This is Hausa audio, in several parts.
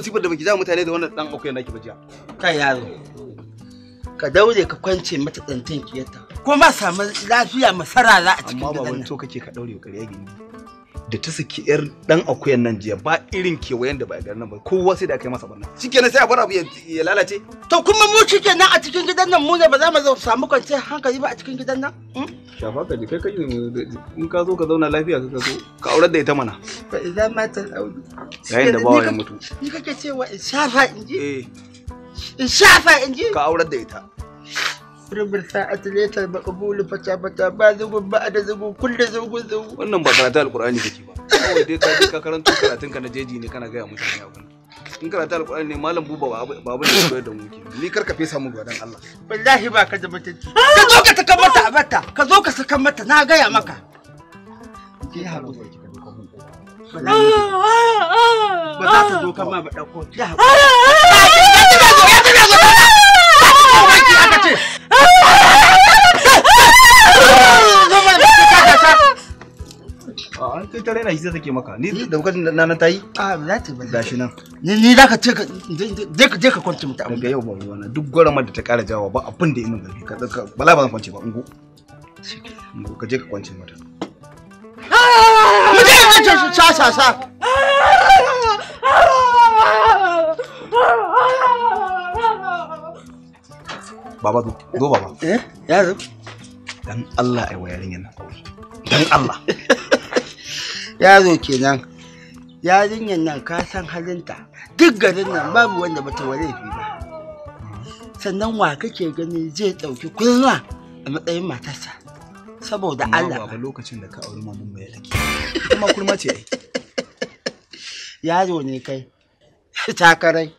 masifar da baki za mutane da wannan dan akwai naki bajiya kai yaro ka daure ka kwance mata tsantan kiyarta kuma samu lafiya masara za a cikin gidan amma ba wani to kake ka daure ka rage gini da ta saki yar dan akuyan nan jiya ba irin kewayen da ba ga nan ba kowa sai da kai masa barna shikenan sai a bar abu ya lalace to kuma mu shikenan a cikin gidan nan mu ne ba za mu samu kwance hankali ba a cikin gidan nan hmm? shafa ka ji kai kai in ka zo ka zauna lafiya ka zo ka aurar da ita mana fa idan ma ta audu yayin da bawa ya mutu ni kake cewa in shafa in ji eh. in shafa in ji ka aurar da ita رب الساعة ليس المقبول فتا فتا با زغو بعد زغو كل زغو زغو wannan ba karatu alqur'ani kake ba kawai dai ka ka karanto karatun ka na jeji ne kana gaya mutane abin in karatu alqur'ani ne malam buba ba abin da koyar da mu ke ni kar ka fesa mu gwadan Allah wallahi ba ka da mutunci ka zo ka saka mata a bata ka zo ka saka mata na gaya maka ba ki ba za ta zo ba dauko ta zo ya ta zo ita raina shi take maka ni eh? da a ah, za ta nan ni ka ce ka je ka je ka kwance mata daga yau ba ruwana duk da ta kara jawo ba abin da ya min zafi ka bala ba zan kwance ba ungo ka je ka kwance mata mu je ka ce sa sa sa Baba zo, zo baba. Eh, yaro. Dan Allah ai wa yarinyar Dan Allah. yaro kenan yarinyar nan ka san halinta duk garin nan babu wanda bata ware fi ba sannan wa kake gani zai ɗauki kurna a matsayin matarsa saboda Allah ba lokacin da ka auri mamun mai laki kuma yaro ne kai takarai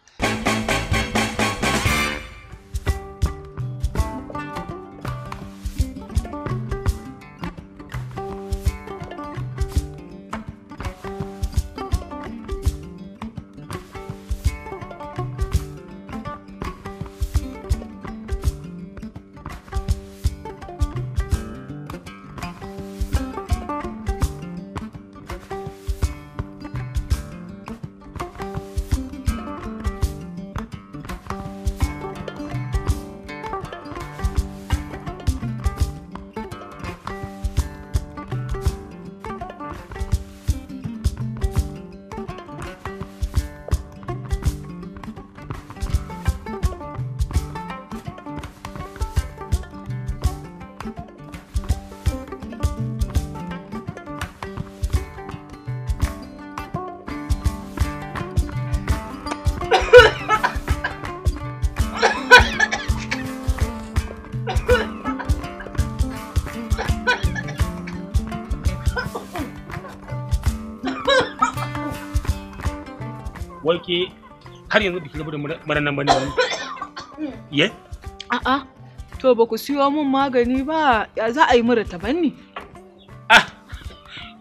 wai ke har yanzu biki rabu da mara nan bane ye a'a to ba ku siyo min magani ba ya za a yi mura ta banni ah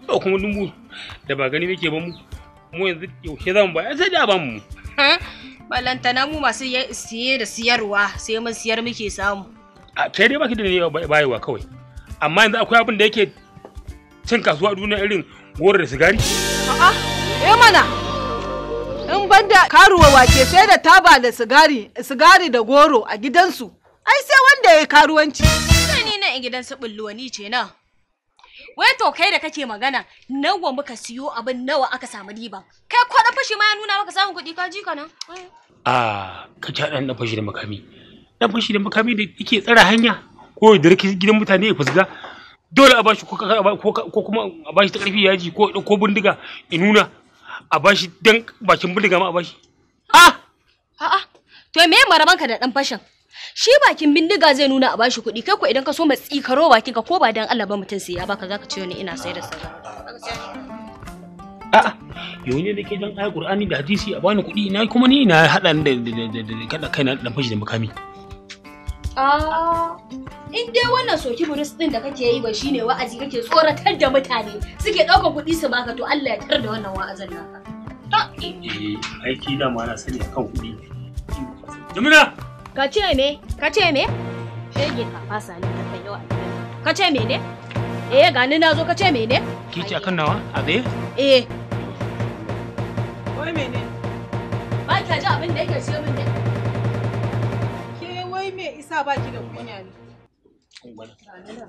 to kuma dumbu da ba gani nake ba mu mu yanzu yaushe zan ba sai da ban mu ballantana mu masu siye da siyarwa sai mun siyar muke samu a ah, kai dai baki da ne bayewa kawai amma yanzu akwai abin da yake cin kasuwa duniya irin goro da sigari a'a eh mana in banda karuwa wake sai da taba da sigari sigari da goro a gidansu ai sai wanda ya karuwanci ni na in gidan su bulluwani ce na wai to kai da kake magana nawa muka siyo abin nawa aka samu riba kai kwada fashi ma ya nuna maka samun kuɗi ka ji ka Ah, a ka ci dan fashi da makami dan fashi da makami da yake tsara hanya ko da gidan mutane ya fusga dole a bashi ko kuma a bashi ta karfi yaji ko ko bindiga in nuna a bashi dan bakin bindiga ma a bashi a a to me maraban ka da dan fashin shi bakin bindiga zai nuna a bashi kuɗi kai ko idan ka so mai tsikaro bakin ka ko ba dan Allah ba mutum sai ya baka zaka ce ni ina sai da sai a'a yau ne nake dan ayi Qur'ani da hadisi a bani kuɗi na kuma ni ina hada ni da kada kaina dan fashi da makami Ah, in dai wannan soki buris din da kake yi ba shine wa'azi kake tsoratar da mutane suke ɗaukar kuɗi su baka to Allah ya tar da wannan wa'azin naka. Eh, aiki da ma na sani kan kuɗi. Jamila! Ka ce me? Ka ce me? Shege ka fasa ni ka kai yawa. Ka ce me ne? Eh, ga ni na zo ka ce me ne? Ki ce akan nawa? A be? Eh. Wai ne? Ba ka ji abin da yake ce min ne? me isa ba ki da kunya ne ungwana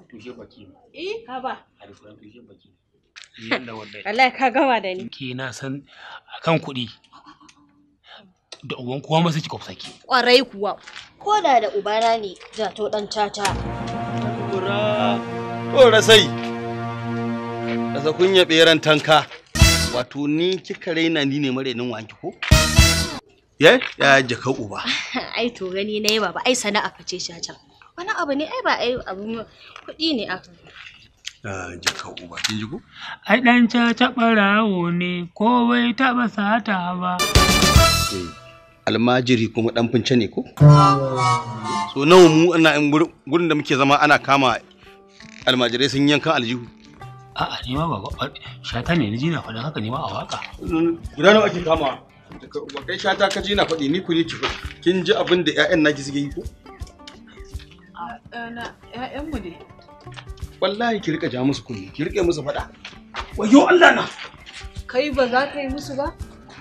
tushe baki ne eh ka ba tushe baki yanda ka gama da ni ke na san akan kuɗi da uban kowa ma sai ki kwafsa ki kwarai kuwa ko da da ubana ne zato dan caca ura to rasai rasa kunya ɓeran tanka wato ni kika raina ni ne marainin wanki ko ya ya jaka uba ai to gani nayi baba ai sana'a kace shi can wani abu ne ai ba ai abu kuɗi ne aka jaka uba kin ji ko ai dan ca taɓa rawo ne ko bai taɓa sata ba eh, almajiri kuma dan fince ne ko so nawa mu ina gurin da muke zama ana kama almajirai sun yanka aljihu a'a ni ma ba shata ne ni jina faɗa faɗin haka ne ma a waka guda nawa ake kama ba kai shata ka ji na faɗi ni ku ne ki faɗi kin ji abin da ƴaƴan naki suke yi ko ƴaƴan ne wallahi ki rika ja musu kunni ki rike musu faɗa wayo Allah na kai ba za ka yi musu ba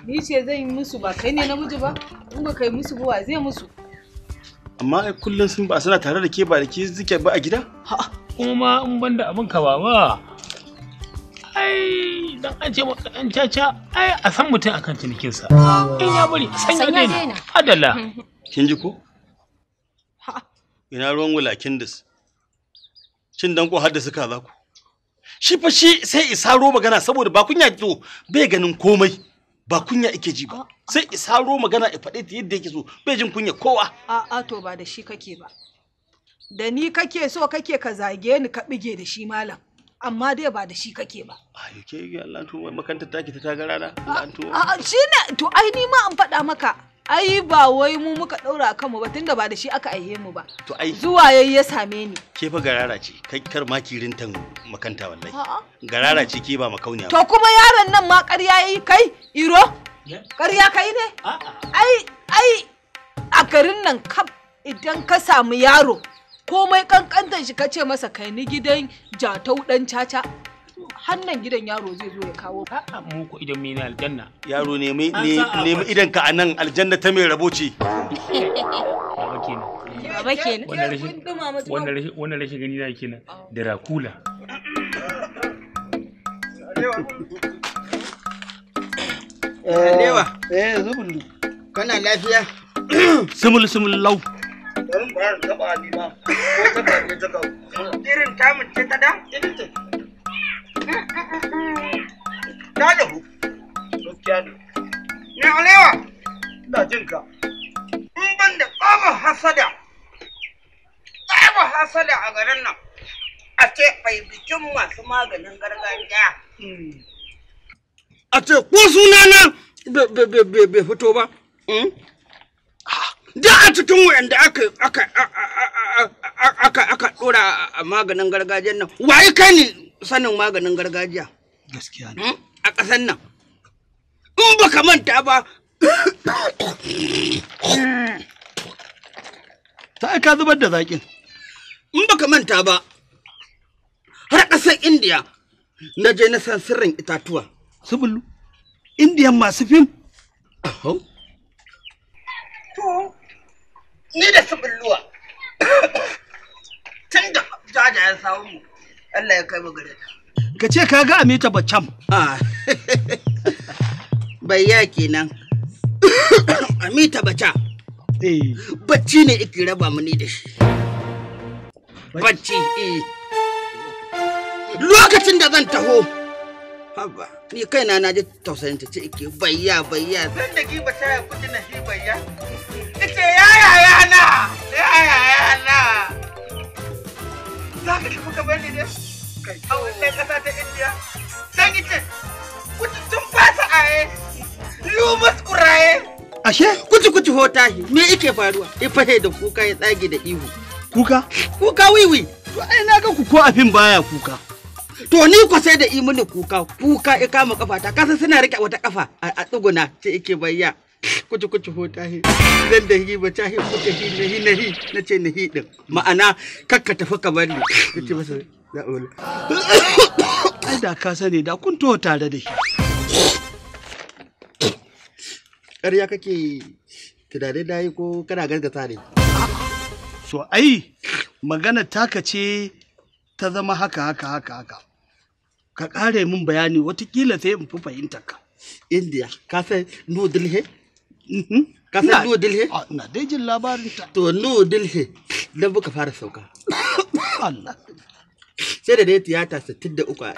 ni ce zan yi musu ba kai ne namiji ba in ba yi musu ba zai musu amma ai kullun sun ba suna tare da ke ba da ke zike ba a gida kuma in ban da abin ka ba ba ai dan an ce maka dan caca ai a san mutum akan cinikinsa. sa in ya bari san ya daina adala kin ji ko ina ruwan wulakin dis cin danko har da suka za ku shi fa shi sai isaro magana saboda ba kunya to bai ganin komai ba kunya ike ji ba ah, ah. sai isaro magana ya faɗe ta yadda yake so bai jin kunya kowa a'a to ba da shi kake ba da ni kake so kake ka zage ni ka bige da shi malam amma dai ba da shi kake ba. a ke yi Allah to makanta take ta tagara na. A shi ne to ai ni ma an faɗa maka. Ai ba wai mu muka ɗaura a kanmu ba tunda ba da shi aka aihe mu ba. To ai zuwa yayi ya same ni. Ke fa garara ce kai kar ma kirin tan makanta wallahi. Garara ce ke ba makauniya. To kuma yaron nan ma ƙarya yayi kai iro. Ƙarya kai ne? Ai ai a garin nan kaf idan ka samu yaro komai kankantan shi kace masa kai ni gidan jatau dan caca hannan gidan yaro zai zo ya kawo ka. a ko idan mai na aljanna yaro nemi mai idan ka anan aljanna ta mai rabo ce baba kenan baba kenan wannan rashin wannan rashin wannan rashin gani na kenan da rakula Alewa. Eh, zubulu. Kana lafiya? Sumul sumul lau. don ba su taba abi ba ko ta karbe ta kawo irin tamun ce ta da irin ta ta dahu gaskiya ne ne alewa ina jin ka in ban da babu hasada babu hasada a garin nan a ce bai bikin masu maganin gargajiya hmm. a ce ko sunana bai fito ba hmm? duk a cikin wayanda aka aka aka aka dora a maganin gargajiyar nan waye kai ne sanin maganin gargajiya gaskiya ne hmm? a ƙasan nan in baka manta ba ta ka zubar da zakin in baka manta ba har ƙasar indiya na je na san sirrin itatuwa subulu indiyan masu fim ni da su billuwa tun da jajayen samu Allah ya kai mu gare ta ka ce ka ga amita baccam ah. bayya kenan amita bacca eh. bacci ne iki raba mu da shi bacci eh. lokacin da zan taho haba ni kaina na ji tausayin ta ce ike bayya bayya zan da ki bata ya kuji na shi bayya ce ya ya na ya ya na za ka tafi ka bani ne a wannan kasa ta indiya zan yi ce kuci tun fasa aye lumus kuraye ashe kuci kuci hotahi me ike faruwa ifahe da kuka ya tsage da ihu kuka kuka wiwi to ai na ga ku ko afin baya kuka to ni ko sai da imini kuka kuka ya kama kafa ta kasa suna rike wata kafa a tsuguna ce ike bayya kuchu kuchu hota tahi dan da hi ba tahi ne hi nahi nahi na ce nahi din ma'ana kakka tafi ka bari kace masa da ola ai da ka sani da kun to tare da shi ƙarya kake tunanin da yi ko kana gargata ne so ai magana taka ce ta zama haka haka haka haka ka ƙare min bayani watakila sai in fi fahimtar ka india ka san he Mhm. ka san nuwa dilhe ah, na dai jin labarin ta to nuwa dilhe dan buka fara sauka Allah sai da dai tiyata 63 a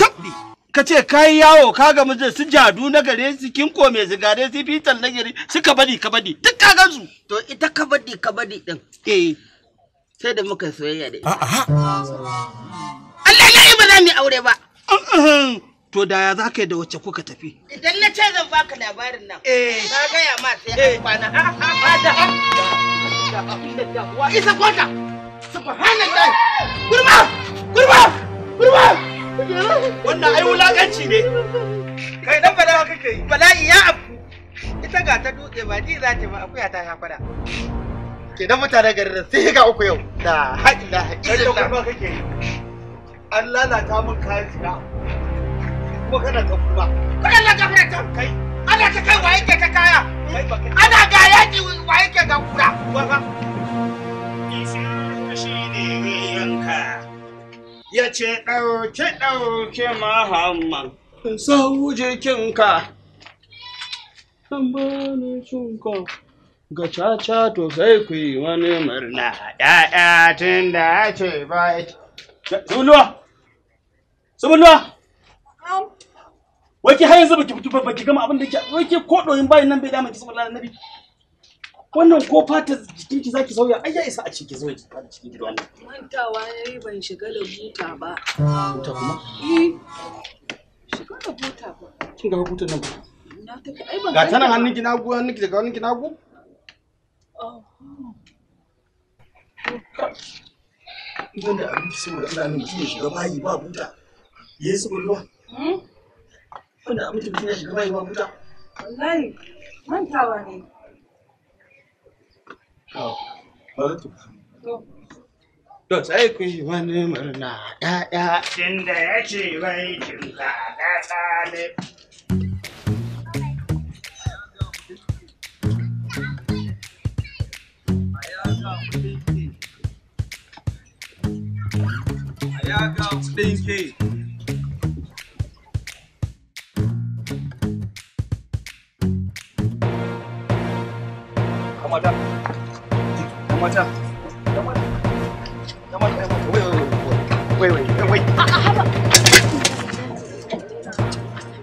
Cabbi ka ce kai yawo ka ga mijin su jadu na gare su kinko mai zigare su fitan na gare su kabadi kabadi duk ka gansu to ita kabadi kabadi din eh sai da muka soyayya da ita Allah ya yi ba za mu aure ba uh-uh. To da ya zaka da wacce kuka tafi? Idan na ce zan baka labarin nan. Eh. Na gaya ma sai an kwana. Da isa kota Subhanallah. Gurma! Gurma! Gurma! Wannan ai wulakanci ne. Kai dan bala haka yi. Bala'i ya afku. Ita ga ta dutse ba ji za ta ba akuya ta ya fada. Ke dan mutanen garin sai ga uku yau. Da haƙi da haƙi. Kai da kake yi. An lalata kayan shiga. kuma kana ta kuma kai Allah ka fara ta kai ana ta kai waye ke ta kaya ana ga yaki waye ke ga kura ba shi ne ya ce ɗauke ɗauke mahamman sau jikinka an bani cinka ga caca to sai ku yi wani murna ya'ya tun da ya ce bai Subulwa! Subulwa! wai ki har yanzu baki fito baki gama abin da ke wai ki ko doyin bayin nan bai dama ki saboda nabi wannan ko fata jikin ki zaki sauya ai ya isa a ki zo ki fata cikin gidan nan mantawa ne ban shiga da buta ba buta kuma eh shiga da buta ba kin ga buta nan ga ta nan hannunki na gu da daga hannunki na gu Idan da abinci saboda Allah ne mutum ya shiga bayi ba buta. Yesu Allah. kuna mutunta shi bai wallahi mantawa ne To sai ku yi wani murna ɗaɗa. Inda ya ce I got stinky. mata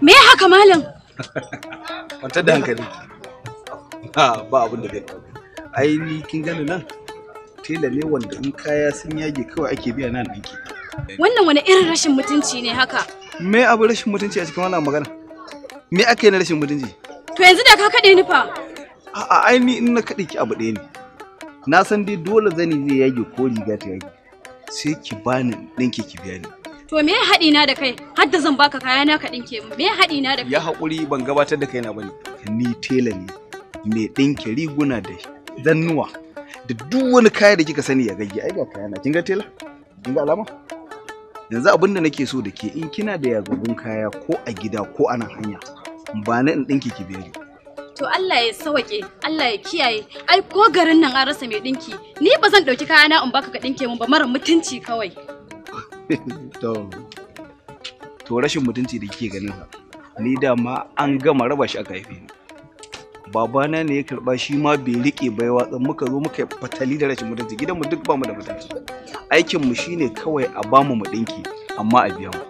me haka malam ba da nan wanda in kaya sun kawai ake biya nan Wannan wani irin rashin mutunci ne haka? Me abu rashin mutunci a cikin wannan magana? Me rashin mutunci? To yanzu da ka kaɗe ni fa. A'a ni in na kaɗe ki abu ɗaya ne. Na san dai dole zani zai yage ko riga ta yage. Sai ki bani ɗinki ki biya ni. To me haɗi na da kai? Har da zan baka kaya na ka ɗinke mu. Me haɗi na da kai? Ya haƙuri ban gabatar da kaina bane. Ni tela ne. Me ɗinke riguna da zannuwa. Da duk wani kaya da kika sani ya gaggi ai ba kaya na. Kin ga tela? Kin ga alama? Yanzu abin da nake so da ke in kina da yagaggun kaya ko a gida ko a nan hanya ba na in ɗinki ki biya ni. to Allah ya sawake Allah ya kiyaye ai ko garin nan an rasa mai dinki ni ba zan dauki kayana in baka ka dinke mun ba mara mutunci kawai to to rashin mutunci da kike ganin ni da ma an gama raba shi aka haife babana ne ya karba shi ma bai rike bai watsan muka zo muka fatali da rashin mutunci gidan mu duk ba mu da mutunci aikin mu shine kawai a bamu mu dinki amma a biya mu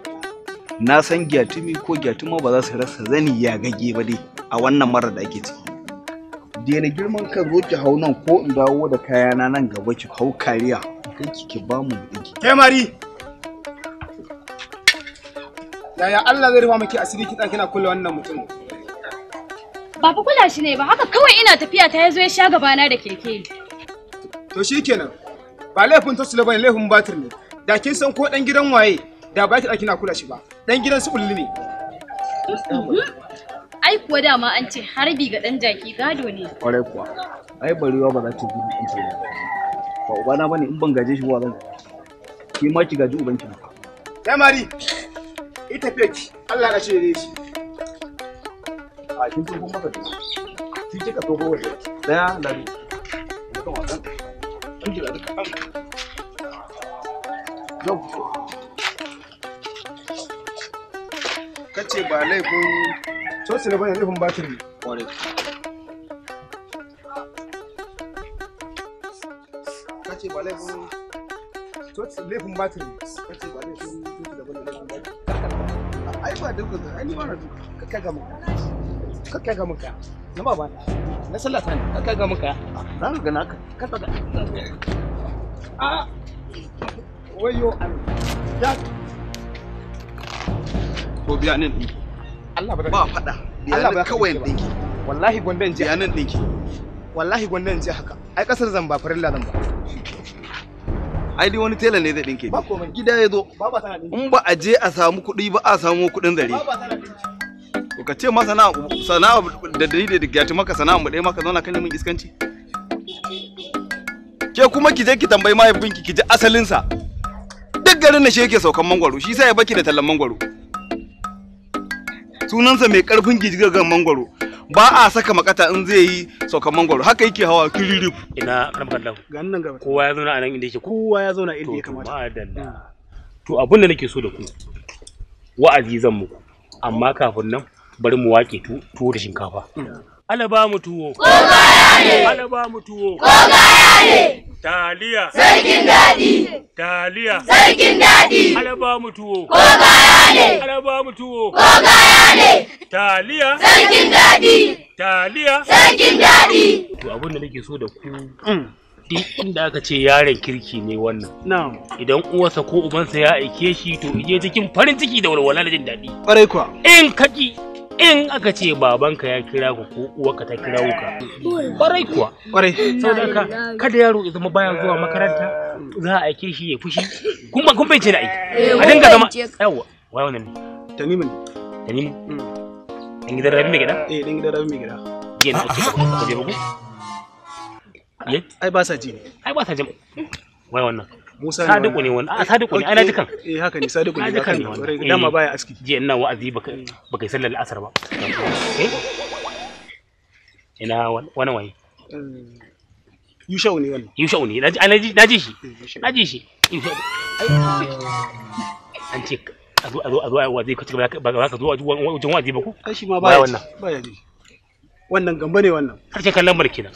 na san gyatumi ko gyatuma ba za su rasa zani ya gage ba dai a wannan mara da ake ciki Dena girman kan zo ki hau nan ko in dawo da kayana nan gaba ki hau kariya kai ki ki ba mu dinki kai mari yaya Allah zai rufa miki asiri kitsa kina kulle wannan mutum ba fa kula shi ne ba haka kawai ina tafiya ta yazo ya sha gabana da keke to shikenan ba laifin tosule ne laifin batir ne da kin san ko dan gidan waye da ba ki kina kula shi ba dan gidan su bulli ne mhm. ai kuwa dama an ce harbi ga ɗan jaki gado ne kwarai kuwa ai bari ba za ta gudu in ce ba uba na bane in ban gaje shi ba zan ki ma ki gaji ubanki ba ya mari ita ki. Allah na shirye shi a kin tsohon maka da shi kika tsohon waje daya da biyu kan wasan an jira duka an kace ba laifin coci na bayan rufin batiri kace ba laifin coci laifin batiri kace ba laifin coci da an da Allah ba faɗa biyanin kawai ɗinki wallahi gwandan ji biyanin ɗinki wallahi gwandan ji haka ai kasar zan ba farilla zan ba ai dai wani tela ne zai ɗinke ba komai gida ya zo in ba a je a samu kuɗi ba a samu kuɗin zare to ka ce ma sana'a sana'a da dalili da gati maka sana'a mu ɗaya maka zauna kan min iskanci ke kuma ki je ki tambayi mahaifinki ki ji asalinsa duk garin na shi yake saukan mangwaro shi sai ya baki da tallan mangwaro sunansa mai karfin gijigar mangwaro ba a saka makata in zai yi saukan mangwaro haka yake hawa kiririf ina karfan lau ganin gaba kowa ya zauna a nan inda yake kowa ya zauna inda ya kamata madalla ah. to abin da nake so da ku wa'azi zan muku amma kafin nan bari mu wake tuwo da shinkafa mm. alaba mu tuwo ko gaya ne alaba mu tuwo ko gaya ne taliya sarkin daɗi taliya sarkin daɗi alaba mu tuwo ko gaya ne alaba mu tuwo ko gaya ne taliya sarkin daɗi taliya sarkin daɗi to abin da nake so da ku mm. duk inda aka ce yaren kirki ne wannan. Idan uwarsa ko ubansa ya aike shi to ije cikin farin ciki da walwala da jin daɗi. Ƙwarai kuwa. In kaki in aka ce babanka ya kira ku ko uwarka ta kira ka kwarai kuwa kwarai saboda ka kada yaro ya zama baya zuwa makaranta za a aike shi ya fushi kun ba kun bayyana aiki eh, a dinga zama yawa wai wannan ne tanimu ne tanimu mm. dan gidan rabi mai gida eh dan gidan rabi mai gida gina ake ka je bugu ai ba sa ji ne ai ba sa ji wai wannan Musa ne wani a sadiku ne ah, ai naji kan eh haka ne sadiku ne ne baya aski je ina wa'azi baka baka sallar asar ba eh? ina wani wani eh, yushau ne wannan yushau ne naji naji shi eh, naji shi an ce a zo a zo a zo wa'azi ka ba ka zo wajen wa'azi ba ko shi ma baya wannan baya ji wannan gamba ne wannan kallon barkina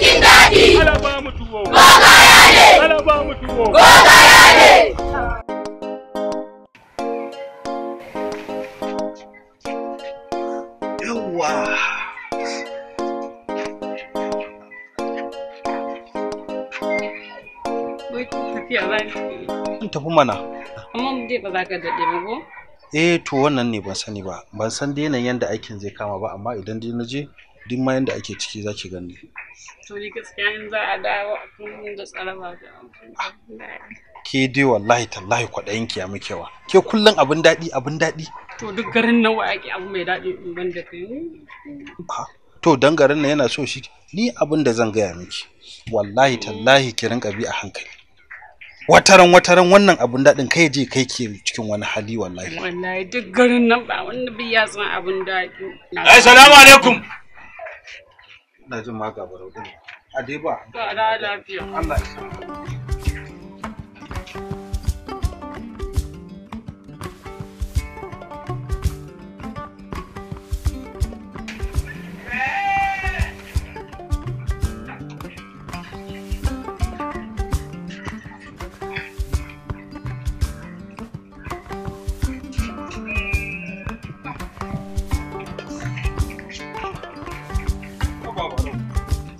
sarkin daɗi. Gogaya ne. Gogaya ne. Yawwa. In tafi mana. Amma mu dai ba za ka daɗe ba ko? Eh to wannan ne ban sani ba. Ban san dai yanayin yadda aikin zai kama ba amma idan dai na je duk ma yanda ake ciki za ki gani to ni gaskiya in za a dawo a kan da tsaraba ga ke dai wallahi tallahi kwaɗayin ki ya muke wa ke kullum abin daɗi abin daɗi to duk garin nan wa ake abu mai daɗi in ban da kai to dan garin nan yana so shi ni abin da zan gaya miki wallahi tallahi ki rinka bi a hankali wataran wataran wannan abun daɗin kai je kai ke cikin wani hali wallahi wallahi duk garin nan ba wani bai ya san abun daɗi assalamu alaikum ina jin ma ga barau din a dai ba to ala lafiya Allah ya sa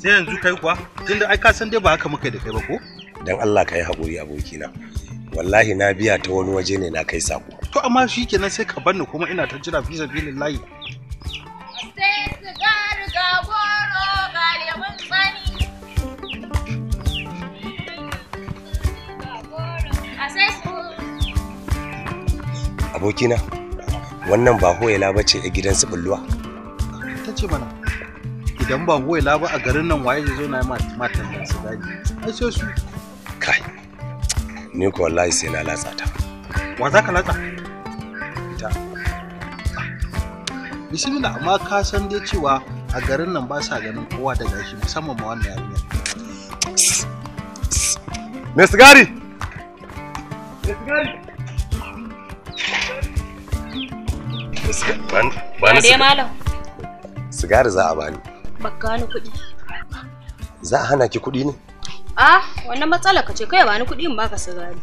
sai yanzu kai kuwa tunda ai ka san dai ba haka muka da kai ba ko dan Allah ka yi haƙuri abokina wallahi na biya ta wani waje ne na kai sako to amma shi kenan sai ka banni kuma ina ta jira fi sabilin layi abokina wannan ba hoyala ba ce a gidan bulluwa ta ce mana idan ba goyila ba a garin nan waye zai zo na matan nan su daji ai so su kai ni ko wallahi sai na latsa ta wa za ka latsa ita bismillah amma ka san dai cewa a garin nan ba sa ganin kowa da gashi musamman ma wannan yarinya me sigari me sigari Sigari za a bani. Baka ni kuɗi. Za a hana ki kuɗi ne? Ah, wannan matsala ka ce kai ba ni kuɗi in baka sigari.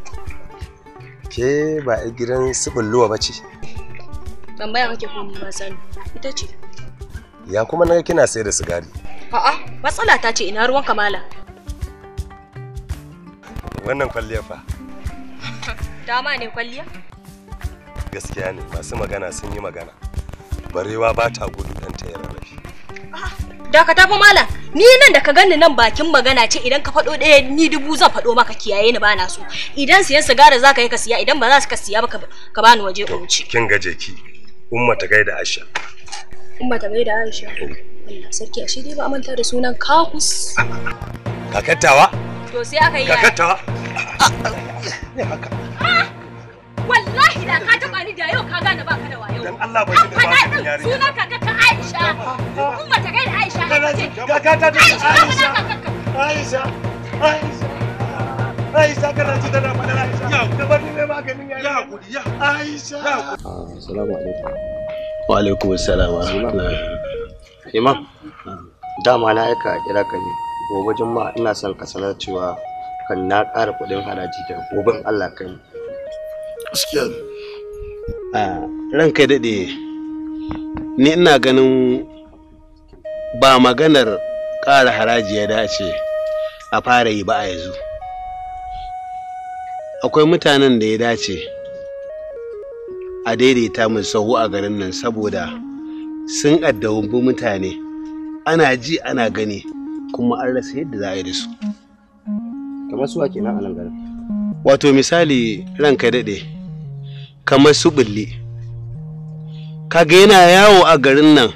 Ke ba a gidan subulluwa ba ce? Tambaya kake kuma ba sani. Ita ce. Ya kuma naga kina sayar da sigari. A'a, matsala ta ce ina ruwan kamala. Wannan kwalliya fa. Dama ne kwalliya? Gaskiya ne, masu magana sun yi magana. Barewa ba ta gudu dan ta yi rarrafi. Ah, dakata fa malam ni nan da ka ganni nan bakin magana ce idan ka faɗo ɗaya ni dubu zan faɗo maka kiyaye ni bana so idan siyan sigara zaka yi ka siya idan ba za ka siya ba ka bani waje in wuce kin gaje ki umma ta gaida Aisha umma ta gaida Aisha Allah sarki ashe dai ba a manta da sunan kakus kakattawa to sai aka yi kakattawa ne haka wallahi da ka taba ni da yau ka gane ba ka da wayo dan Allah bai da ba sunan kaka Aisha umma kakata da Aisha Aisha Aisha Aisha Aisha Aisha dama na aika a kira ka ne gobe juma'a ina son ka sanar cewa kan na ƙara kuɗin haraji da goben Allah gaskiya ah, ran kai daɗe ni ina ganin ba maganar ƙara haraji ya dace a fara yi ba a yanzu akwai mutanen da ya dace a daidaita mu sahu a garin nan saboda sun addabi mutane ana ji ana gani kuma an rasa yadda za a yi da su kamar suwa a nan garin wato misali ranka daɗe kamar su bulli kaga yana yawo a garin nan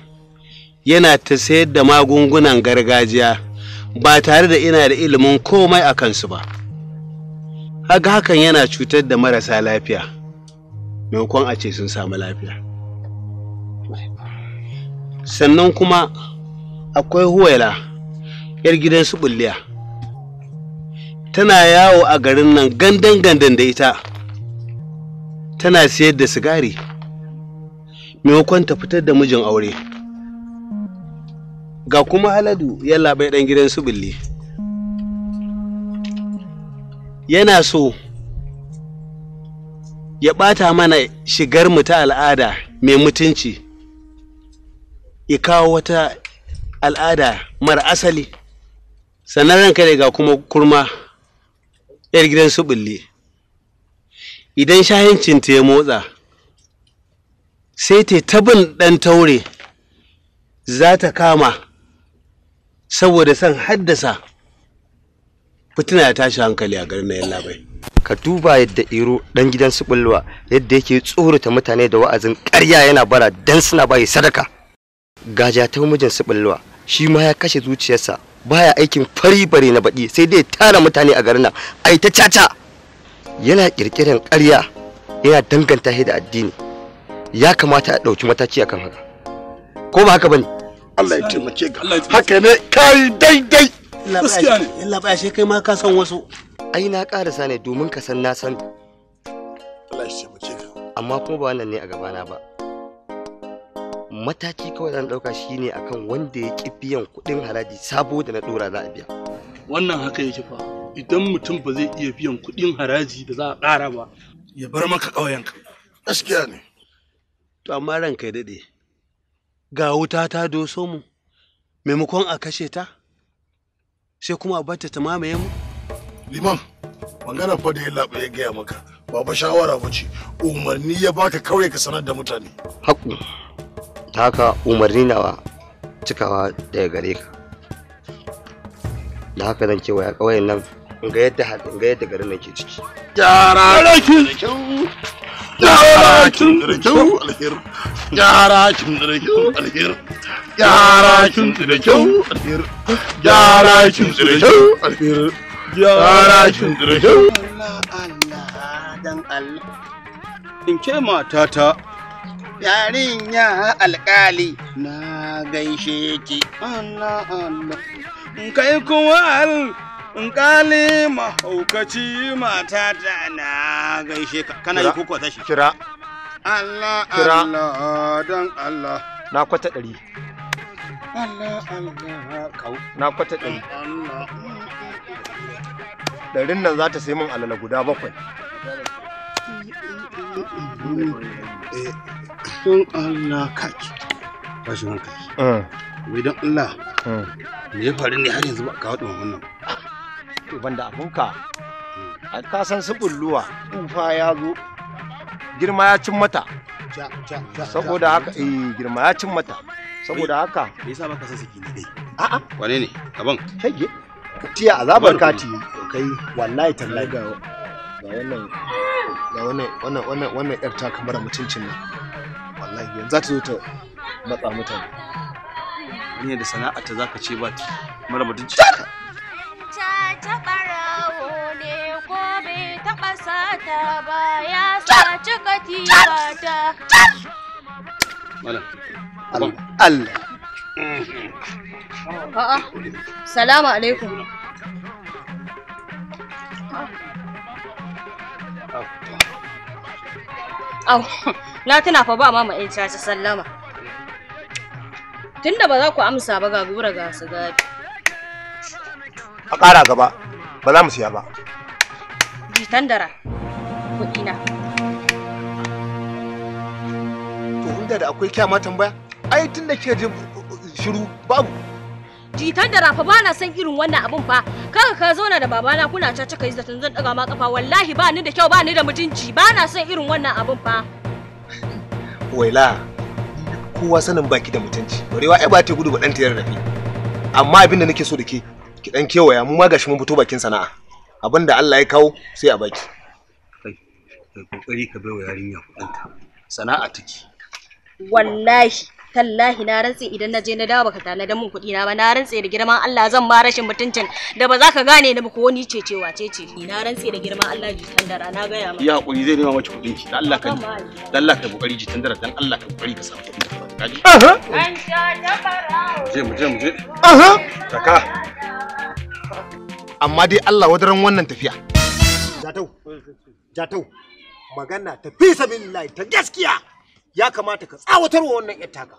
yana ta sayar da magungunan gargajiya ba tare da ina da ilimin komai a kansu ba haka hakan yana cutar da marasa lafiya maimakon a ce sun samu lafiya sannan kuma akwai huwaila yar gidan su bulliya tana yawo a garin nan gandan gandan da ita tana sayar da sigari maimakon ta fitar da mijin aure. ga kuma haladu yalla bai dan gidan su yana so ya ɓata mana shigar mu ta al'ada mai mutunci ya kawo wata al'ada mara asali sannan ranka ga kuma kurma yar gidan su bille idan shahincin ya motsa sai ta tabin ɗan taure za ta kama saboda son haddasa fitina ya tashi hankali a garin na labai ka duba yadda iro dan gidan su bulwa yadda yake tsorata mutane da wa'azin ƙarya yana bara dan suna bayi sadaka gaja ta mijin su bulwa shi ma ya kashe zuciyarsa baya aikin fari bare na baɗi sai dai tara mutane a garin nan ai ta caca yana kirkiran ƙarya yana danganta shi da addini ya kamata a ɗauki mataki akan haka ko ba haka bane Allah ya taimake ka haka ne kai daidai gaskiya ba shi kai ma ka san wasu ai na karasa ne domin ka san na san Allah ya taimake ka amma kuma ba wannan ne a gabana ba mataki kawai zan dauka shine akan wanda ya ki biyan kuɗin haraji sabo da na dora za a biya wannan haka yake fa idan mutum ba zai iya biyan kuɗin haraji da za a ƙara ba ya bar maka ƙauyenka gaskiya ne to amma ranka ya dade. ga wuta ta doso mu maimakon a kashe ta sai kuma a bata ta mamaye mu liman bangaren fa da ya ya gaya maka ba ba shawara ba ce umarni ya baka kawai ka sanar da mutane haku haka umarni nawa cikawa daga gare ka da haka zan cewa ya kawai nan ga yadda ga yadda garin nan ke ciki. Jara! gyara kin da kyau alheri gyara da kyau alheri gyara kin da matata yarinya alƙali. na gaishe ki kai kuma in kali mahaukaci mata ta na gaishe ka kana yi kuka tashi kira Allah Allah dan Allah na kwata dari Allah Allah kau na kwata dari darin nan za ta sai min alala guda bakwai don Allah kaki tashi wanka mm. wai don Allah mm. me ya faru ne har yanzu ba ka haɗu wannan to banda abunka ka san su bulluwa ufa ya zo girma ya cin mata saboda haka eh girma ya cin mata saboda haka me yasa baka san saki ne dai a a wane ne kaban shege tiya azabar kati kai wallahi tallahi ga ga wannan ga wannan wannan wannan wannan yar ta kamar mutuncin nan wallahi yanzu za ta zo ta matsa mutane ne da sana'a ta zaka ce ba ta mara mutunci taɓa rawo ne ko bai taɓa sata ba ya sa katifa ta. Allah. A'a, salamu alaikum. Au, na tuna fa ba ma in caca sallama. Tunda ba za ku amsa ba ga gura ga su gabi. a ƙara gaba ba za mu siya ba jitan dara kuɗina to inda da akwai kyama tambaya ai tun da ke jin shiru babu jitan dara fa ba na son irin wannan abun fa kaga ka zauna da babana kuna cika yi zaton zan daga ma kafa wallahi ba ni da kyau ba ni da mutunci ba na son irin wannan abun fa waila kowa sanin baki da mutunci barewa ai ba ta gudu ba dan tayar da ni amma abin da nake so da ke ki dan kewaya mu ma gashi mun fito bakin sana'a abinda Allah ya kawo sai a baki kai kokari ka bai wa yarinya kudinta sana'a take wallahi tallahi na rantse idan na je na dawo baka tana da mun kuɗi na ba na rantse da girman Allah zan ma rashin mutuncin da ba za ka gane da ko wani cece ni na rantse da girman Allah ji tandara na gaya ma ya hakuri zai nema maki kuɗin ki dan Allah ka dan Allah ka kokari ji tandara dan Allah ka kokari ka samu kuɗin ka kaji aha an sha da je mu je mu je aha amma dai Allah wadaran wannan tafiya jatau jatau magana ta fi sabilillahi ta gaskiya ya kamata ka tsawatar wa wannan yar taka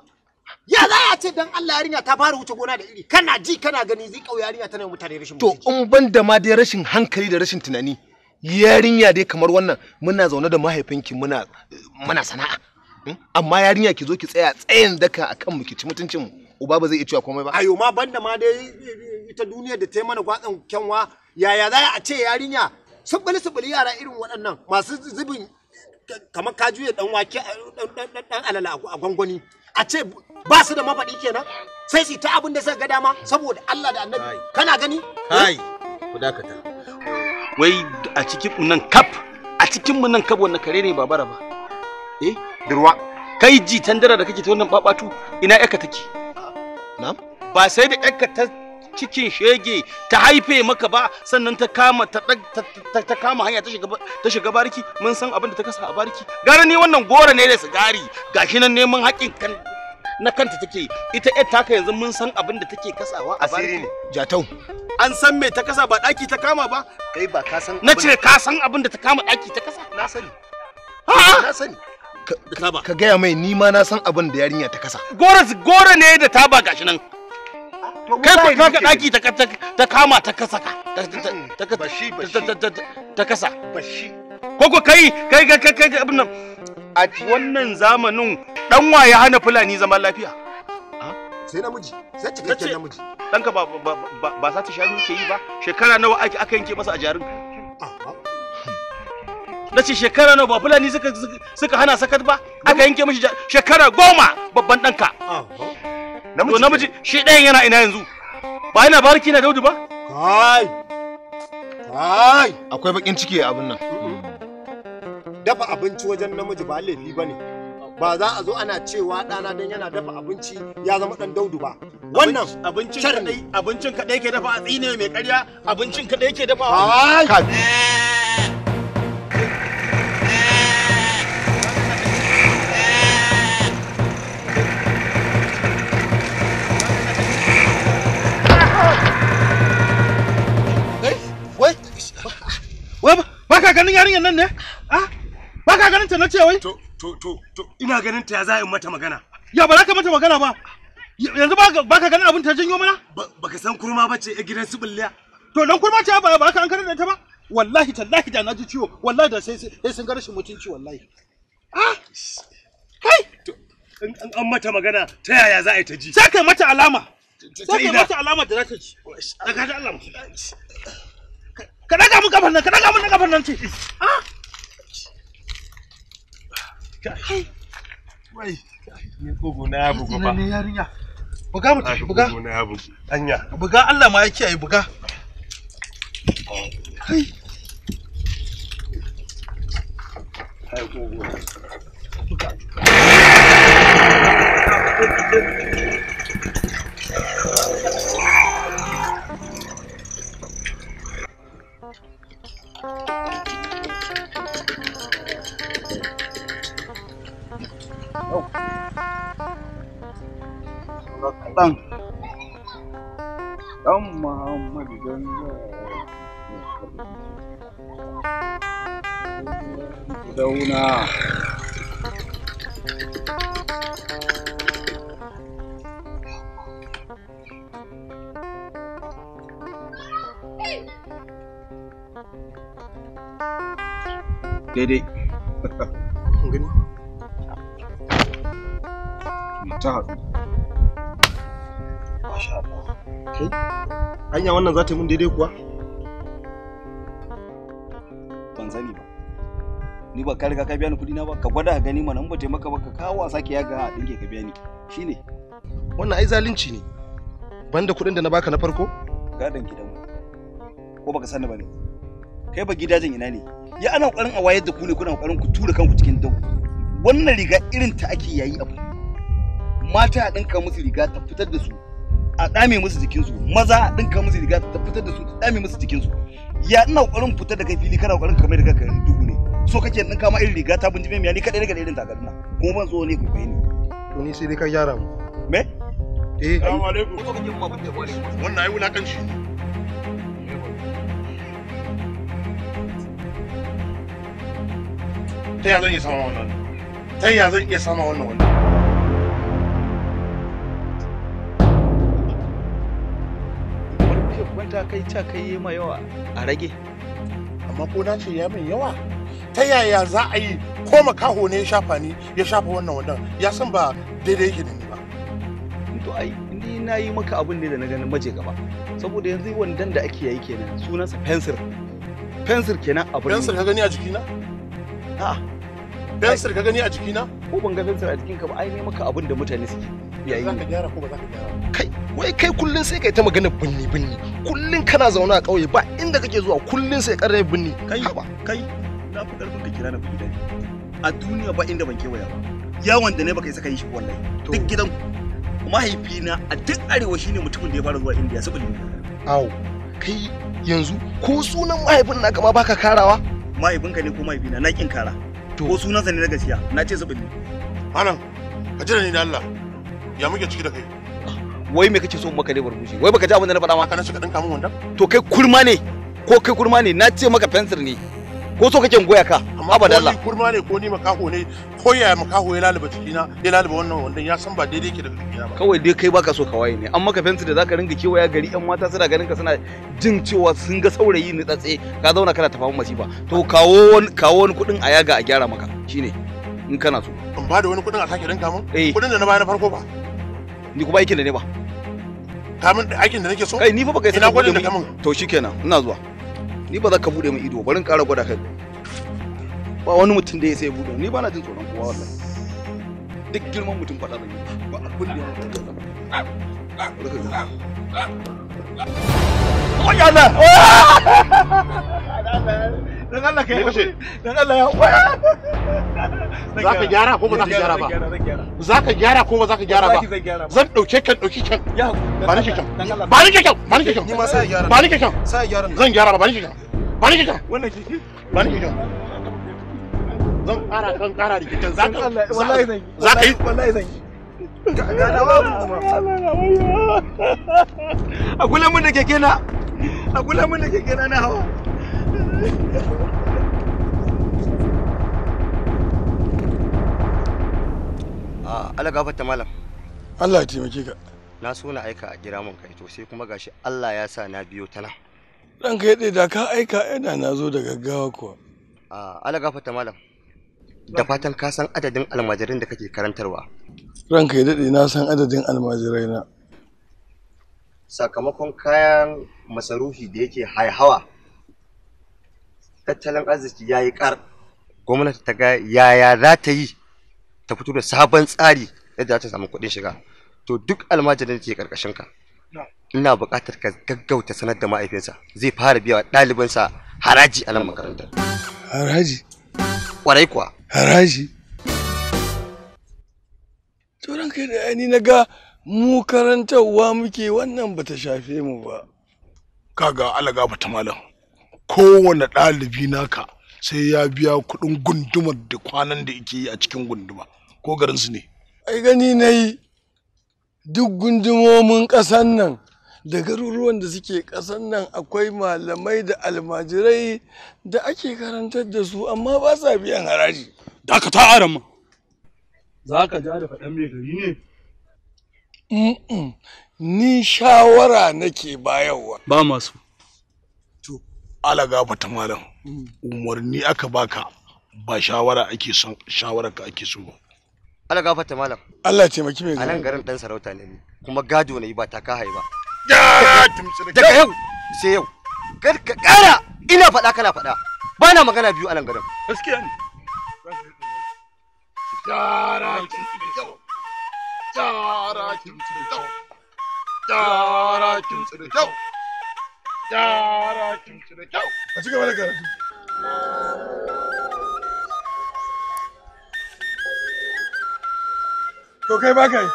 ya za a ce dan Allah yarinya ta fara wuce gona da iri kana ji kana gani zai kau yarinya tana mutane rashin to in ban da ma dai rashin hankali da rashin tunani yarinya dai kamar wannan muna zaune da mahaifinki muna muna sana'a hmm? amma yarinya ki zo ki tsaya tsayin daka akan mu ki ci mutuncin mu uba ba zai iya cewa komai ba ayo ma banda ma dai ita duniya da ta yi mana gwatsan kyanwa yaya za a ce yarinya su bali yara irin waɗannan masu zubin kamar ka juya dan wake dan alala a gwangwani a ce ba su da mafaɗi kenan sai su ta abin da suka ga dama saboda Allah da Annabi kana gani kai ku dakata wai a cikin nan kaf a cikin mu nan kaf wannan kare ne babara ba eh durwa kai ji tandara da kake ta wannan babatu ina yaka take na'am ba sai da yaka ta cikin shege ta haife maka ba sannan ta kama ta ta kama hanya ta shiga ta shiga bariki mun san abin da ta kasa a bariki gara ni wannan gora ne da sigari gashi nan neman haƙin kan na kanta take ita ta taka yanzu mun san abin da take kasawa a bariki jatau an san me ta kasa ba daki ta kama ba kai ba ka san na ce ka san abin da ta kama daki ta kasa na sani na sani ka gaya mai ni ma na san abin da yarinya ta kasa gora gora ne da ta ba gashi nan kai ko ka daki ta ta kama ta kasa ka ta kasa bashi ta kasa bashi ko ko kai kai kai kai abin nan a wannan zamanin dan waye hana fulani zaman lafiya sai namiji sai cikakken namiji danka ba ba za ta shanu ke yi ba shekara nawa ake aka yanke masa a jarin na ce shekara nawa ba fulani suka suka hana sakat ba aka yanke mishi shekara goma babban danka namiji namiji shi ɗayan yana ina yanzu ba yana barki na daudu ba kai kai akwai bakin ciki a abin nan hmm. dafa abinci wajen namiji ba laifi ba ne ba za a zo ana cewa ɗana don yana dafa abinci ya zama ɗan daudu ba wannan abincin kaɗai abincin kaɗai ke dafa a tsine mai ƙarya abincin kaɗai ke dafa a eh. wai ba ka ganin yarinyar nan ne ah, ba ka ganin ta na ce wai to to to to ina ganin ta ya za in mata magana ya ba za ka mata magana ba yanzu ba ka ganin abin ta janyo mana ba ka san kurma ba ce a gidan su billiya to don kurma ce ba ba ka an karanta ta ba wallahi tallahi da na ji ciwo wallahi da sai sun ga rashin mutunci wallahi ah kai in an mata magana ta yaya za a yi ta ji sai kai mata alama sai kai mata alama da za ta ji daga da Allah ka daga mun kafar nan ka daga mun kafar nan ce ah! buga mutum buga anya buga Allah ma ya kiyaye buga kai ai Oh. Tăng Đông mà không bị đơn Đâu nào daidai gani ta haɗu masha kai hanya wannan za ta yi mun daidai kuwa ban sani ba ni ba ka riga ka biya ni kuɗi na ba ka gwada gani mana in ba taimaka ba ka kawo a sake yaga a ɗinke ka biya ni shine wannan ai zalunci ne banda kuɗin da na baka na farko gadon gidan ko baka sani ba ne kai ba gidajen ina ne ya ana kokarin a wayar da ku ne kuna kokarin ku tura kanku cikin dau wannan riga irin ta ake yayi abu mata a dinka musu riga ta fitar da su a dame musu jikin su maza a dinka musu riga ta fitar da su ta dame musu jikin su ya ina kokarin fitar da kai fili kana kokarin kamar riga ka dubu ne so kake dinka ma irin riga ta bin mai ne ni kadai daga irin gaduna kuma ban zo ne ku kai ne. to ni sai dai ka gyara mu me eh assalamu alaikum wannan ai shi ta ya zan iya sama wannan ya kai ca kai yi ma yawa a rage amma ko na ce ya min yawa ta za a yi ni ya shafa wannan ya san ba daidai ni ba ni na yi maka abin ne da na ganin maje gaba saboda yanzu wandan da ake yi kenan sunansa fensir fensir kenan abin fensir ka gani a jikina Fensir ka gani a jikina? Ko ban ga fensir a jikinka ba, ai ne maka abin da mutane suke. yi. Za ka gyara ko ba za ka gyara? Kai, wai kai kullun sai kai ta magana binni binni. Kullun kana zaune a ƙauye ba inda kake zuwa kullun sai ƙarar binni. Kai, kai, na fi ƙarfin ka kira na fi dai. A duniya ba inda ban kewaya ba. Yawon da ne baka yi saka yi shi wallahi. Duk gidan mahaifina a duk arewa shine mutumin da ya fara zuwa Indiya saboda ni. Awo, kai yanzu ko sunan mahaifin naka ma baka karawa? mahaifinka ne ko mahaifina na kin kara to ko sunansa ne na gaskiya na ce sabili malam ka jira ni da Allah ya muke ciki da kai wai me kake so maka ne barbushi wai baka ji abin da na faɗa maka na suka dinka min wanda to kai kurma ne ko kai kurma ne na ce maka fensir ne ko so kake goya ka amma ba dalla kurma ne ko ni makaho ne ko ya makaho ya lalaba jikina ya lalaba wannan wannan ya san ba daidai yake daga jikina ba kawai dai kai baka so ka waye ne amma ka fenti da zaka ringa kewaya gari yan mata suna ganin ka suna jin cewa sun ga saurayi ni tsatse ka zauna kana tafawan masifa to kawo wani kawo wani kudin a yaga a gyara maka shine in kana so in ba da wani kudin a sake rinka mun eh. kudin da na bayar na farko ba ni kuma aikin da ne ba kamin aikin da nake so kai ni fa baka yi sanin kudin to shikenan ina zuwa ni ba za ka bude mu ido bari in kara gwada kai ba wani mutum da ya sai bude ni ba na jin tsoron kowa wallahi duk girman mutum faɗa zan ba a da ya Oya Allah! Dan Allah ka yi Dan Allah ya Za ka gyara ko ba za ka gyara ba? Za ka gyara ko ba za ka gyara ba? Zan ɗauke kan ɗauki kan. Ba ni kyakkyan. Ba ni kyakkyan. Ba ni kyakkyan. Ba ni kyakkyan. Zan gyara ba ni kyakkyan. bani kika wannan kiki bani kika zan kara kan kara da kikin zaka wallahi zan zaka yi wallahi zan yi a kula mun da keke na a kula mun da keke na na hawa ah, Allah gafarta malam Allah ya taimake ka na so na aika a kira mun kai to sai kuma gashi Allah ya sa na biyo ta nan ranka ya da ka aika yana na zo da gaggawa kuwa a ala malam da fatan ka san adadin almajirin da kake karantarwa ranka ya daɗe na san adadin almajirai na sakamakon kayan masarufi da yake haihawa tattalin arziki ya yi ƙar gwamnati ta ga yaya za ta yi ta fito da sabon tsari yadda za ta samu kuɗin shiga to duk almajirin da ke ka. ina buƙatar ka gaggauta sanar da ma'aifinsa zai fara biya wa ɗalibansa haraji a nan makarantar. Haraji? Ƙwarai kuwa. Haraji? Turan kai da ni na ga mu karantarwa muke wannan ba ta shafe mu ba. Kaga alaga ba ta malam. Kowane ɗalibi naka sai ya biya kuɗin gundumar da kwanan da yake yi a cikin gunduma ko garinsu ne. Ai gani na yi duk gundumomin ƙasan nan da garuruwan da suke kasan nan akwai malamai da almajirai da ake karantar da su amma ba sa biyan haraji da ka ta arama za ka ja da faɗan mai gari ne ni shawara nake bayarwa ba masu to alaga bata malam umarni aka baka ba shawara ake son shawara ka ake so ba alaga bata malam Allah ya taimaki mai gari a nan garin dan sarauta ne kuma gado ne ba ta kahai ba daga yau sai yau ka ƙara ina faɗa kana faɗa ba na magana biyu a nan garin gaskiya ne Tara Tara Tara Tara A ci gaba da To kai ba kai.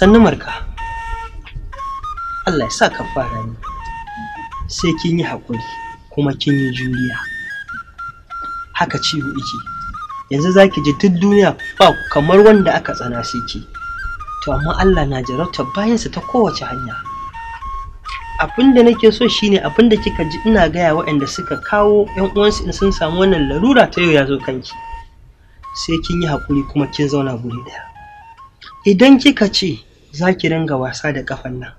sannu marka Allah ya sa ka fara ni sai kin yi haƙuri kuma kin yi juriya haka ciwo iki yanzu za ki ji duk duniya ba kamar wanda aka tsana sai ki to amma Allah na jarabta bayansa ta kowace hanya abin da nake so shine abin da kika ji ina gaya waɗanda suka kawo yan uwansu in sun samu wannan larura ta yau ya zo kanki sai kin yi haƙuri kuma kin zauna guri ɗaya idan kika ce za ki ringa wasa da kafan nan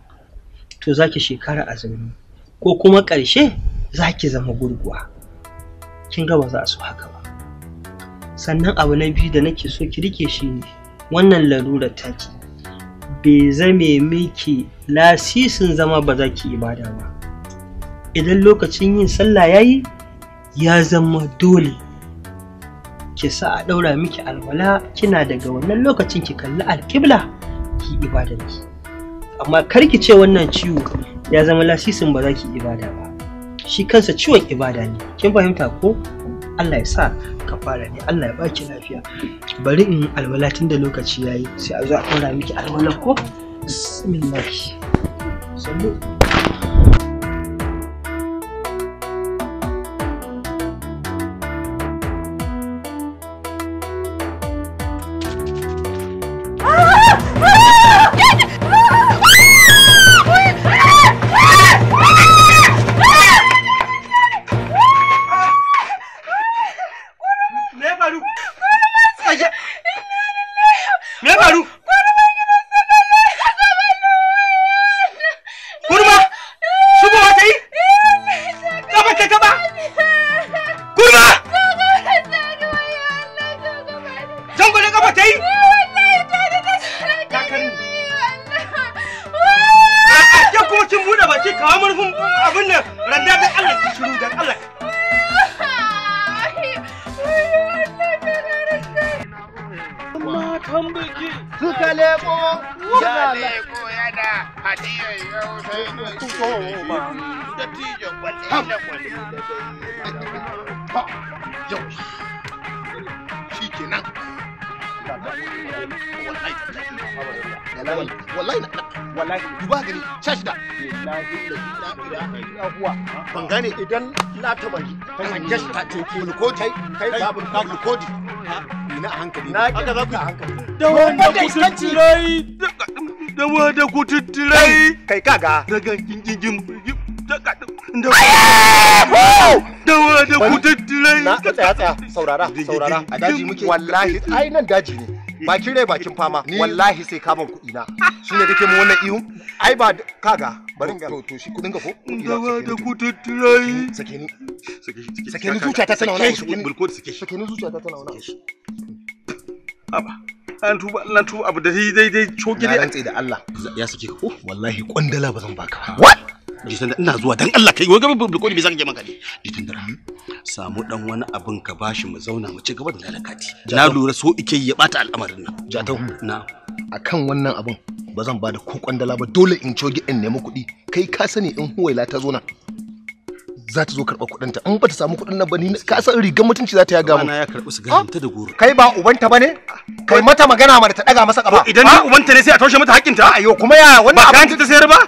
to za ki shekara azumi ko kuma ƙarshe za ki zama gurguwa kin ga ba za su haka ba sannan abu na biyu da nake so ki rike shi ne wannan larurar ce bai zame miki lasisin zama ba za ki ibada ba idan lokacin yin sallah ya yi ya zama dole ki sa a ɗaura miki alwala kina daga wannan lokacin ki kalli alkibla ki ki amma kar ki ce wannan ciwo ya zama lasisin ba za ki ibada ba shi kansa ciwon ibada ne kin fahimta ko Allah ya sa ka fara ne Allah ya baki lafiya bari in alwala tun da lokaci yayi sai a zo a ɗora miki alwala ko bismillah sallu idan latamari kanjas ta ce tai kai babu kodi ina a hankali na ka za ku hankali da wanda ku kututturai da wanda ku kututturai kai kaga daga gingin dawa da tirai na tsaya tsaya saurara saurara a daji muke wallahi ai nan daji ne bakin rai bakin fama wallahi sai ka ban kuɗi na shi ne kake mu wannan ihu ai ba kaga bari ga to shi kuɗin ka ko gaba da ku tattirai sake ni sake ni zuciya ta tana wani shi bulko da sake shi sake ni zuciya ta tana wani aba an tuba Allah tuba abu da dai dai coki dai an tsaye da Allah ya sake ko oh, wallahi kwandala ba zan baka what jitandara ina zuwa dan Allah kai wai gaban bulkoni me zaka je maka ne jitandara samu dan wani abin ka bashi mu zauna mu ci gaba da lalakati na lura so ike ya bata al'amarin nan jatau na akan wannan abin ba zan bada ko kwandala ba dole in coge in nemi kuɗi kai ka sani in huwaila ta zo na za ta zo karɓar kuɗinta in ba ta samu kuɗin nan ba ni ka san rigar mutunci za ta ya gamu. ya karɓi su ta da goro kai ba ubanta bane kai mata magana mana ta daga masa kafa idan ni ubanta ne sai a taushe mata hakkinta ayo kuma ya wannan ba ka ta sayar ba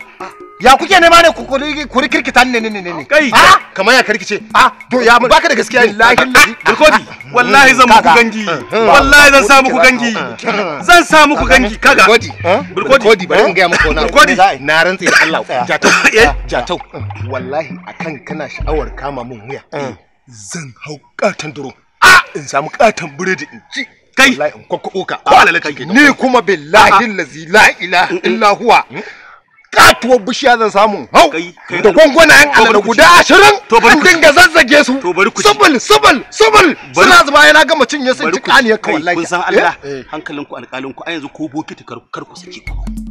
ya kuke ne bane ku kuri kuri ne ne ne ne kai kamar ya karkice a to ya baka da gaskiya wallahi bilkodi wallahi zan muku gangi eh, eh. wallahi zan sa muku gangi zan sa muku gangi kaga eh? bilkodi bilkodi bari in ga muku na bilkodi na rantsa da Allah jatau eh jatau wallahi akan kana sha'awar kama mun wuya zan hau katan duro ah! in samu katan biredi in ci kai wallahi in kokko ka ko alalaka ne kuma billahi allazi ah, ah. la ilaha illa huwa katuwar bishiya zan samu hau da gwangwana yan alal guda ashirin an dinga zazzage su sabal sabal sabal suna zuba yana gama cinye sun ci kaniyar kawai kun san Allah eh, eh. hankalinku alƙalinku a yanzu ko bokiti kar ku saki kawai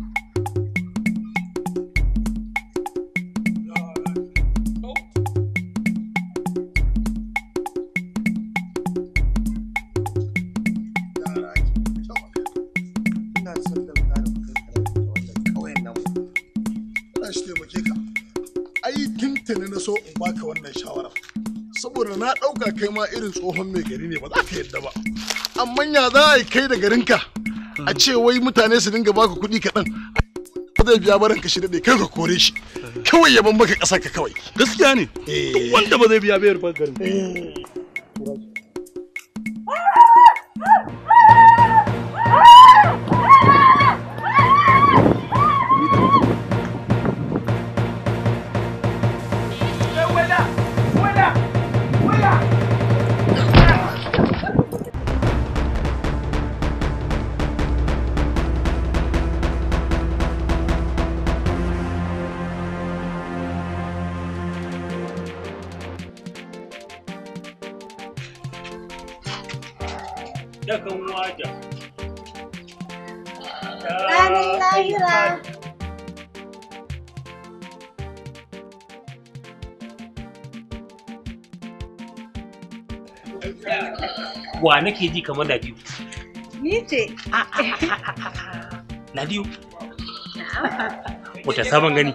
da kai ma irin tsohon mai gari ne ba za ka yadda ba amma ya za a yi kai da garinka a ce wai mutane su dinga baka kuɗi kaɗan zai biya barin ka shi daɗe kai ka kore shi kawai ya bambaka kasa ka kawai gaskiya ne eh. wanda ba zai biya bayar ba garin eh. ya nake ji kamar na biyu ni ce ah, ah, ah, na biyu wata sabon gani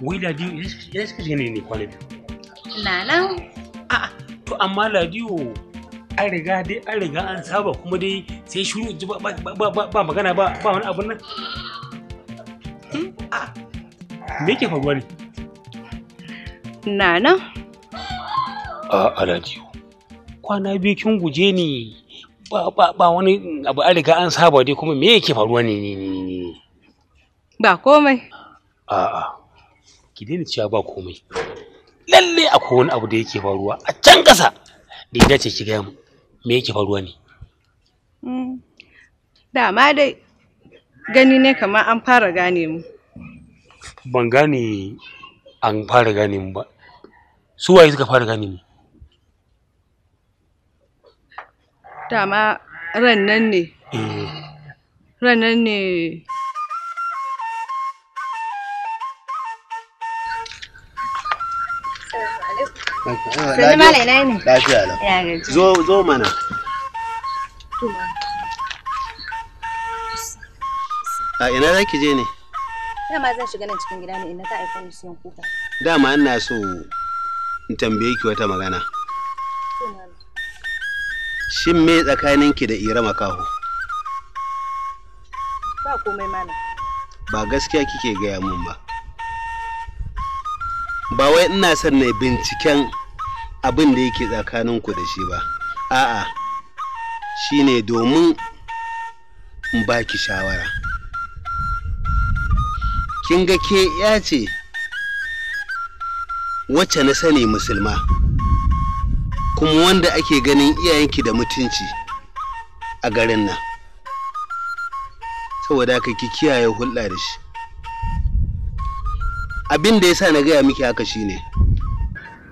wai na biyu ya suka shi ne kwana biyu na nan to amma ladiyo an riga dai an riga an saba kuma dai sai shuru ba magana ba wani abun nan hmm? me ke faruwa ne na nan a aladiyo kwana biyu kin guje ni ba wani abu an riga an saba dai kuma me yake faruwa ne ne ne ba komai a'a ki daina cewa ba komai lalle akwai wani abu da yake faruwa a can ƙasa da ya dace ki gaya mu me yake faruwa ne mm. dama dai gani ne kamar an fara gane mu ban gane an fara gane mu ba su waye suka fara gane mu dama ran nan ne eh. ran nan ne Zo, mana. A ina za ki je ne? Dama zan shiga nan cikin gida ne ina ta aiko ni siyan kuka. Dama ina so in tambaye ki wata magana. shin me tsakanin ki da ira makaho ba komai mana ba gaskiya kike gaya mun ba ba wai ina son na binciken abin da yake tsakaninku da shi ba a'a shine domin in baki shawara kin ga ke ya ce wacce na sani musulma kuma wanda ake ganin iyayenki da mutunci a garin nan saboda ka ki kiyaye hulɗa da shi abin da ya sa na gaya miki haka shine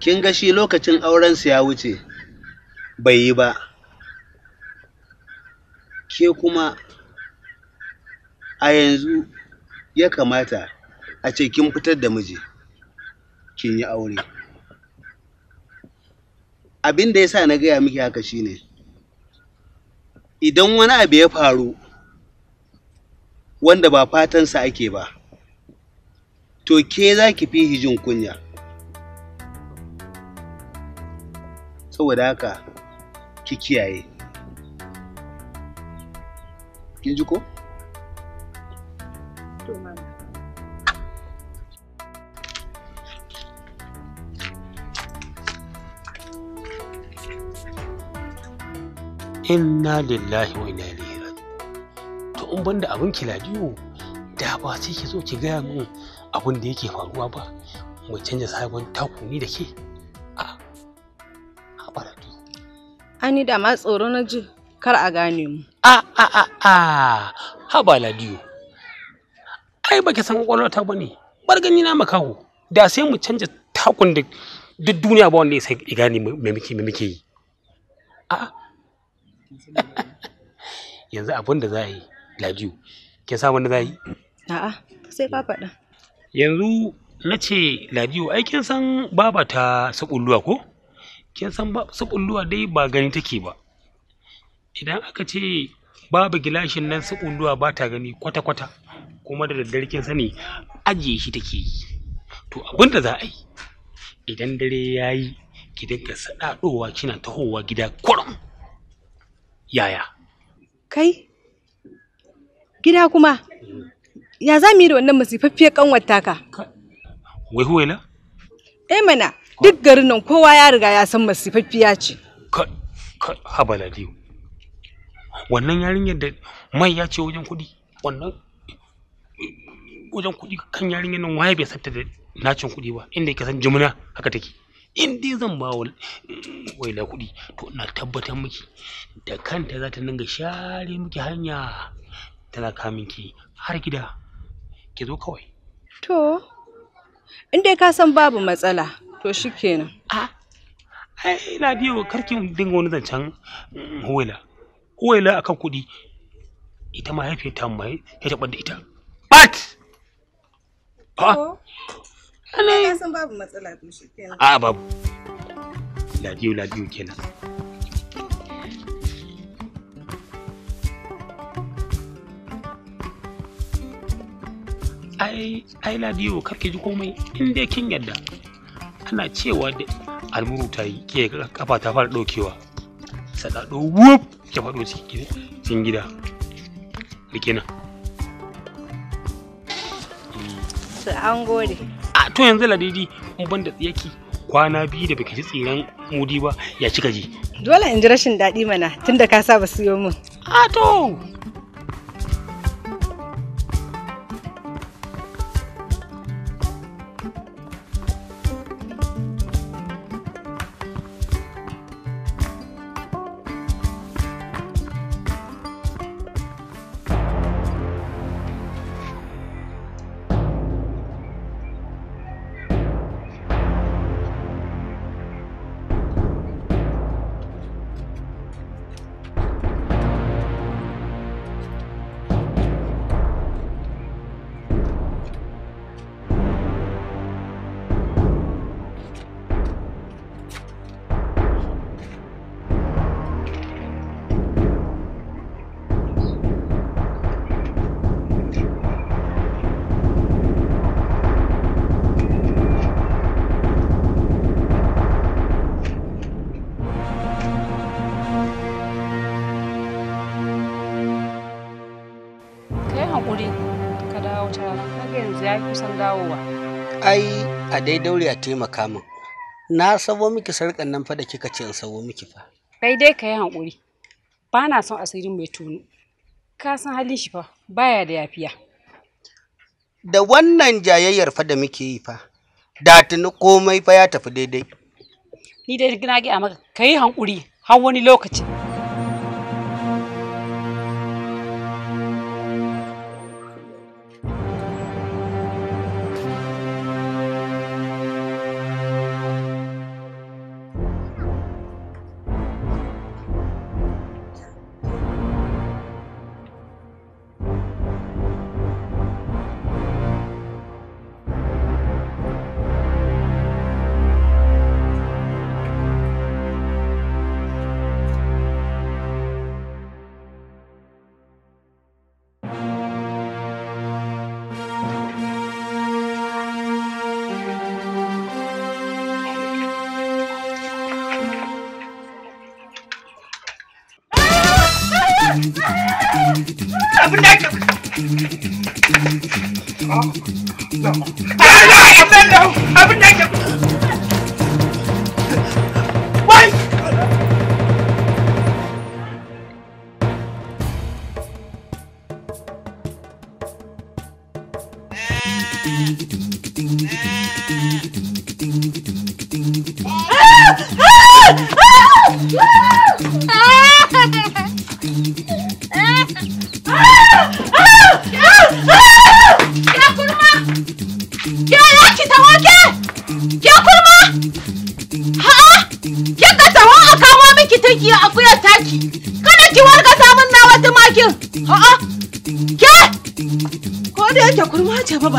kin ga shi lokacin aurensu ya wuce bai yi ba ke kuma a yanzu ya kamata a ce kin fitar da miji kin yi aure abin da ya sa na gaya miki haka shine idan wani abu ya faru wanda ba fatansa ake ba to ke za ki fi hijin kunya saboda haka ki kiyaye kin ji ko? inna lillahi wa inna ilaihi raji'un to in banda abin kiladiyo da ba sai ki zo ki gaya min abin da yake faruwa ba mu canja sabon takuni da ke a haɓaratu ani da ma tsoro na ji kar a gane mu a a a a ha baladiyo ai baki san kwakwalwata ba ne bar gani na makaho da sai mu canja takun da duk duniya ba wanda ya sai gane me muke yi a'a yanzu abin da za a yi ladiyo kin sa wanda za a yi a'a sai ka faɗa yanzu na ce ladiyo ai kin san baba ta sabulluwa ko kin san sabulluwa dai ba gani take ba idan aka ce babu gilashin nan sabulluwa ba ta gani kwata-kwata kuma da daddare kin sani ajiye shi take yi to abin da za a yi idan dare ya yi ki dinga saɗaɗowa kina tahowa gida kurum Yaya? Kai? Gida kuma? Ya za mu yi da wannan masifaffiyar kanwar taka? Wai huwaila? Eh mana, duk garin nan kowa ya riga ya san masifaffiya ce. Ka, ka, habala Wannan yarinyar da mai ya ce wajen kuɗi, wannan wajen kuɗi kan yarinyar nan waye bai santa da nacin kuɗi ba, inda yake san jimina haka take. in dai zan ba wa waila kuɗi to ina tabbatar miki da kanta za ta dinga share miki hanya tana kamin ki har gida ki zo kawai to in dai ka san babu matsala to shikenan a ai ina biyo karki dinga wani zancen mm, waila waila akan kuɗi ita mahaifiyar ta mai ya taɓa ita bat Ana san babu matsala A babu. Ladiyo ladiyo kenan. ai ai ladiyo karke ji komai in dai kin yadda ana cewa da almuru ta yi ke kafa ta fara ɗaukewa sadado wuf ke faɗo cikin gida rike na an gode to yanzu ladidi in ban da tsiyaki kwana biyu da baki ji tsiran mudi ba ya ci gaji dole in ji rashin daɗi mana tunda ka saba siyo min a to kusan dawowa ai a dai daure a taimaka min na sabo miki sarƙan nan fa da kika ce in sabo miki fa kai dai ka yi haƙuri ba na son asirin mai tuni. ka san halin shi fa baya da yafiya da wannan jayayyar fa da muke yi fa da tuni komai fa ya tafi daidai ni dai na gaya maka ka yi haƙuri har wani lokacin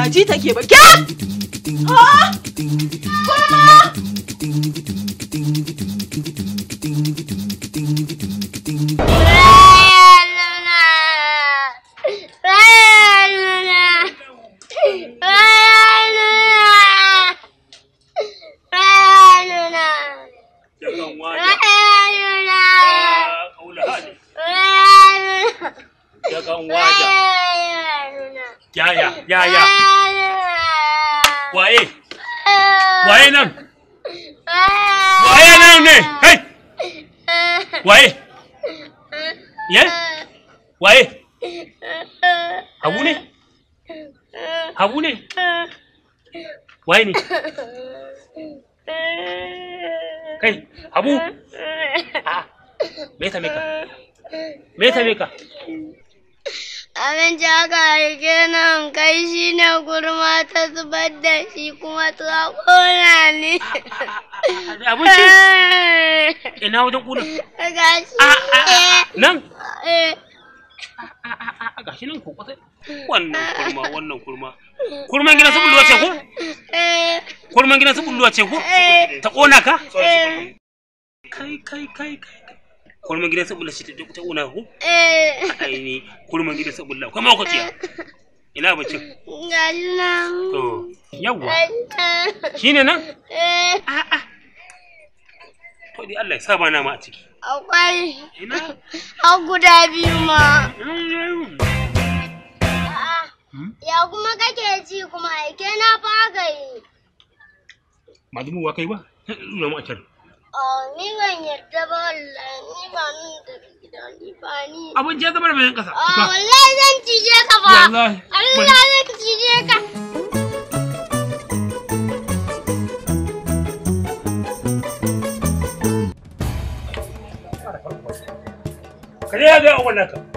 ba ji take ba abinci kuma ta kona ne. Abinci? Ina wajen kuna? Gashi. Ah, ah, ah, nan? Eh. Gashi nan ko kwata? Wannan kurma, wannan kurma. Kurman gina sun bulluwa ce ko? Eh. Kurman gina sun bulluwa ce ko? Eh. Ta ƙona ka? Kai, kai, kai, kai. Kurman gina sun bulluwa ce ta kona ko? Ai ne, kurman gina sun bulluwa. Kai ma kwaciya. Ina bacin? Gallan. To, yawwa. Shi ne nan? Eh. A'a. To, di Allah ya saba na nama a ciki. Akwai. Ina? har guda biyu ma. Hmm? Ya kuma kake ji kuma aike na fagaye. Madumu wa kai ba? mu a can. ni yarda ba wallahi ni ni abun je zama da bayan kasa wallahi zan cije ka ba wallahi Allah zan cije ka Kare ya ga wannan ka.